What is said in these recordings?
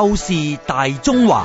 透視大中華。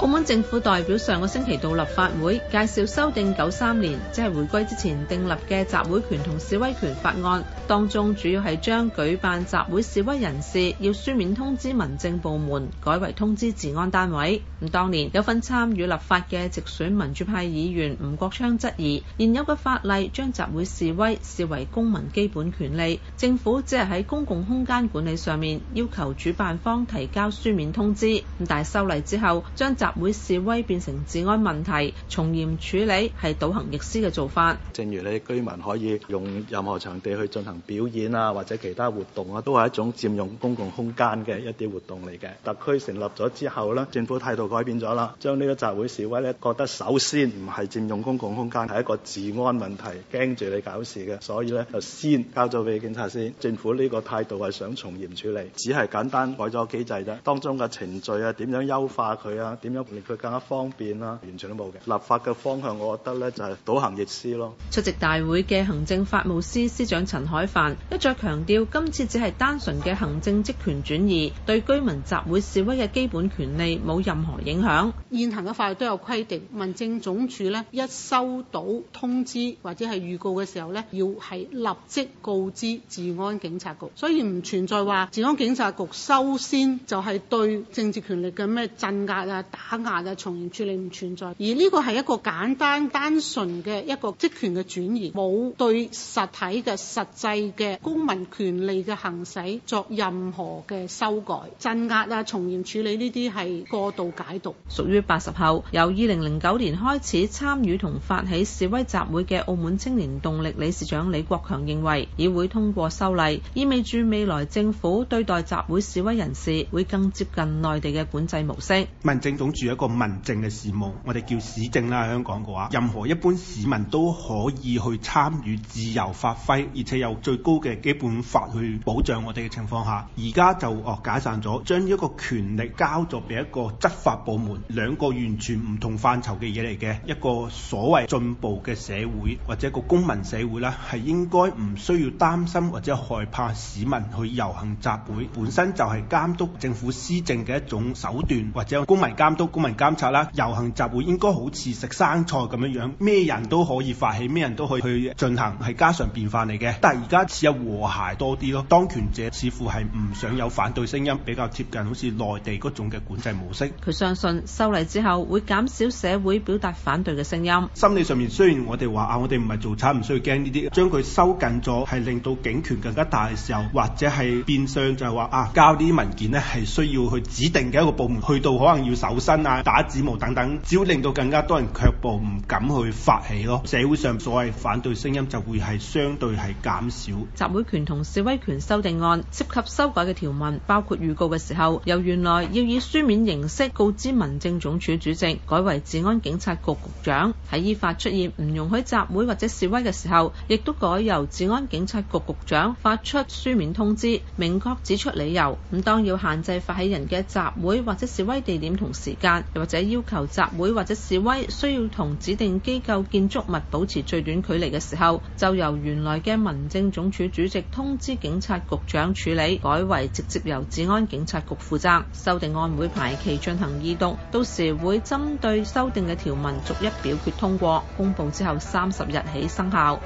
澳門政府代表上個星期到立法會介紹修訂九三年，即係回歸之前訂立嘅集會權同示威權法案，當中主要係將舉辦集會示威人士要書面通知民政部門，改為通知治安單位。咁當年有份參與立法嘅直選民主派議員吳國昌質疑，現有嘅法例將集會示威視為公民基本權利，政府只係喺公共空間管理上面要求主辦方提交書面通知。咁但係修例之後將集集會示威變成治安問題，從嚴處理係倒行逆施嘅做法。正如你居民可以用任何場地去進行表演啊，或者其他活動啊，都係一種佔用公共空間嘅一啲活動嚟嘅。特區成立咗之後咧，政府態度改變咗啦，將呢個集會示威咧，覺得首先唔係佔用公共空間，係一個治安問題，驚住你搞事嘅，所以咧就先交咗俾警察先。政府呢個態度係想從嚴處理，只係簡單改咗機制啫，當中嘅程序啊，點樣優化佢啊，點樣？令佢更加方便啦，完全都冇嘅立法嘅方向，我覺得咧就係倒行逆施咯。出席大會嘅行政法務司司長陳海帆一再強調，今次只係單純嘅行政職權轉移，對居民集會示威嘅基本權利冇任何影響。現行嘅法律都有規定，民政總署呢一收到通知或者係預告嘅時候呢，要係立即告知治安警察局，所以唔存在話治安警察局收先就係對政治權力嘅咩鎮壓啊打。壓嘅從嚴處理唔存在，而呢個係一個簡單單純嘅一個職權嘅轉移，冇對實體嘅實際嘅公民權利嘅行使作任何嘅修改、鎮壓啊、從嚴處理呢啲係過度解讀。屬於八十後由二零零九年開始參與同發起示威集會嘅澳門青年動力理事長李國強認為議會通過修例，意味住未來政府對待集會示威人士會更接近內地嘅管制模式。民政總。住一個民政嘅事務，我哋叫市政啦。香港嘅話，任何一般市民都可以去參與自由發揮，而且有最高嘅基本法去保障我哋嘅情況下，而家就哦解散咗，將一個權力交咗俾一個執法部門，兩個完全唔同範疇嘅嘢嚟嘅，一個所謂進步嘅社會或者一個公民社會啦，係應該唔需要擔心或者害怕市民去遊行集會。本身就係監督政府施政嘅一種手段，或者公民監督。公民監察啦，遊行集會應該好似食生菜咁樣，咩人都可以發起，咩人都可以去進行，係家常便飯嚟嘅。但係而家似有和諧多啲咯，當權者似乎係唔想有反對聲音，比較接近好似內地嗰種嘅管制模式。佢相信修例之後會減少社會表達反對嘅聲音。心理上面雖然我哋話啊，我哋唔係做賊，唔需要驚呢啲，將佢收緊咗，係令到警權更加大嘅時候，或者係變相就係話啊，交啲文件呢係需要去指定嘅一個部門去到可能要搜身打指模等等，只要令到更加多人卻步，唔敢去發起咯。社會上所謂反對聲音就會係相對係減少。集會權同示威權修訂案涉及修改嘅條文，包括預告嘅時候，由原來要以書面形式告知民政總署主席，改為治安警察局局長。喺依法出現唔容許集會或者示威嘅時候，亦都改由治安警察局局長發出書面通知，明確指出理由。咁當要限制發起人嘅集會或者示威地點同時間，又或者要求集會或者示威，需要同指定機構建築物保持最短距離嘅時候，就由原來嘅民政總署主席通知警察局長處理，改為直接由治安警察局負責，修訂案會排期進行異動，到時會針對修訂嘅條文逐一表決通過，公布之後三十日起生效。